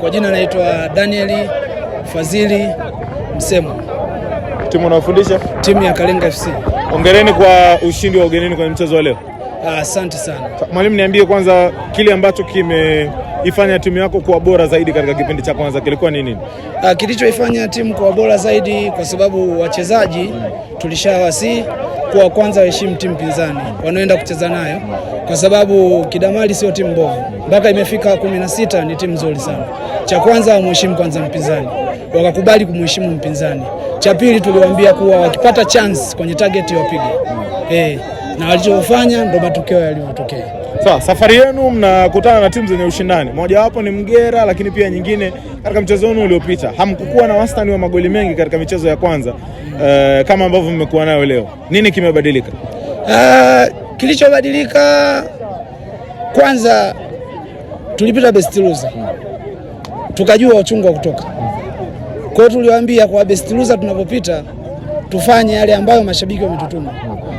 Kwa jina naitwa Danieli fazili Msemo. Timu unaofundisha Timu ya Kalenga FC. Hongereni kwa ushindi wa ugenini kwenye mchezo wa leo. Ah, asante ah, sana mwalimu, niambie kwanza kile ambacho kimeifanya timu yako kuwa bora zaidi katika kipindi cha kwanza kilikuwa ni nini? Ah, kilichoifanya timu kuwa bora zaidi kwa sababu wachezaji mm. tulishawasi kwa kwanza waheshimu timu pinzani wanaoenda kucheza nayo, kwa sababu Kidamali sio timu mbovu, mpaka imefika kumi na sita ni timu nzuri sana. Cha kwanza wamheshimu kwanza mpinzani, wakakubali kumheshimu mpinzani. Cha pili tuliwaambia kuwa wakipata chance kwenye target wapige eh na walichofanya ndo matokeo yalivyotokea. Sawa, safari yenu mnakutana na timu zenye ushindani, mojawapo ni Mgera, lakini pia nyingine. Katika mchezo wenu uliopita hamkukuwa na wastani wa magoli mengi katika michezo ya kwanza uh, kama ambavyo mmekuwa nayo leo. Nini kimebadilika? Uh, kilichobadilika kwanza, tulipita best loser, tukajua uchungu wa kutoka. Kwa hiyo tuliwaambia kwa best loser tunapopita tufanye yale ambayo mashabiki wametutuma,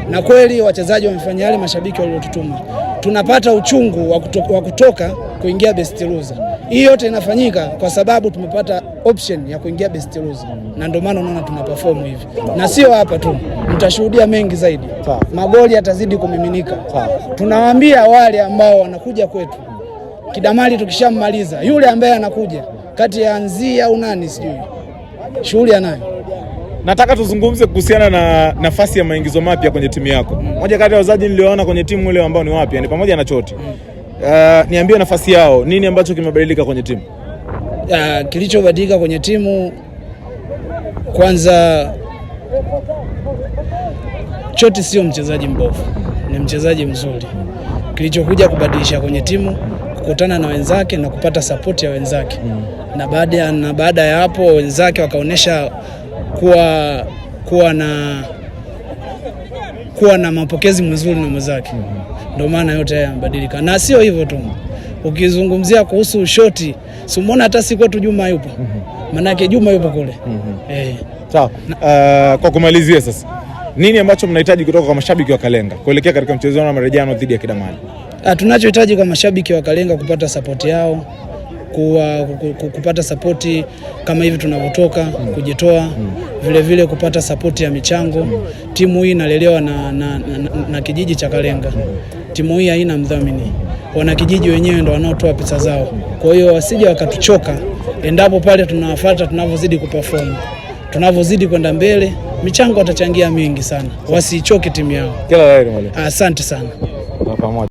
na kweli wachezaji wamefanya yale mashabiki waliotutuma. Tunapata uchungu wa kutoka, kutoka kuingia best loser. Hii yote inafanyika kwa sababu tumepata option ya kuingia best loser, na ndio maana unaona tuna perform hivi, na sio hapa tu, mtashuhudia mengi zaidi, magoli yatazidi kumiminika. Tunawaambia wale ambao wanakuja kwetu Kidamali, tukishammaliza yule ambaye anakuja kati ya anzia au nani sijui shughuli anayo Nataka tuzungumze kuhusiana na nafasi ya maingizo mapya kwenye timu yako. Mm. Moja kati ya wazaji nilioona kwenye timu ile ambao ni wapya ni pamoja na Choti. Uh, niambie nafasi yao, nini ambacho kimebadilika kwenye timu? Uh, kilichobadilika kwenye timu kwanza, Choti sio mchezaji mbovu, ni mchezaji mzuri. Kilichokuja kubadilisha kwenye timu kukutana na wenzake na kupata sapoti ya wenzake mm. na baada na baada ya hapo wenzake wakaonyesha kuwa, kuwa na kuwa na mapokezi mazuri na mwenzake mm -hmm. Ndio maana yote haya yamebadilika na sio hivyo tu. Ukizungumzia kuhusu shoti, simuona hata si kwetu Juma yupo mm -hmm. Manake Juma yupo kule mm -hmm. Eh. Sawa. Uh, kwa kumalizia sasa, nini ambacho mnahitaji kutoka kwa mashabiki wa Kalenga kuelekea katika mchezo wa marejano dhidi ya kidamani ah, Tunachohitaji kwa mashabiki wa Kalenga kupata sapoti yao kuwa, kupata sapoti kama hivi tunavyotoka mm. kujitoa mm. vilevile kupata sapoti ya michango mm. timu hii inalelewa na, na, na, na, na kijiji cha Kalenga mm. timu hii haina mdhamini, wanakijiji wenyewe ndo wanaotoa pesa zao. Kwa hiyo wasije wakatuchoka endapo pale tunawafuata, tunavyozidi kuperform, tunavyozidi kwenda mbele, michango watachangia mingi sana, wasichoke timu yao. Kila la heri mwalimu, asante sana.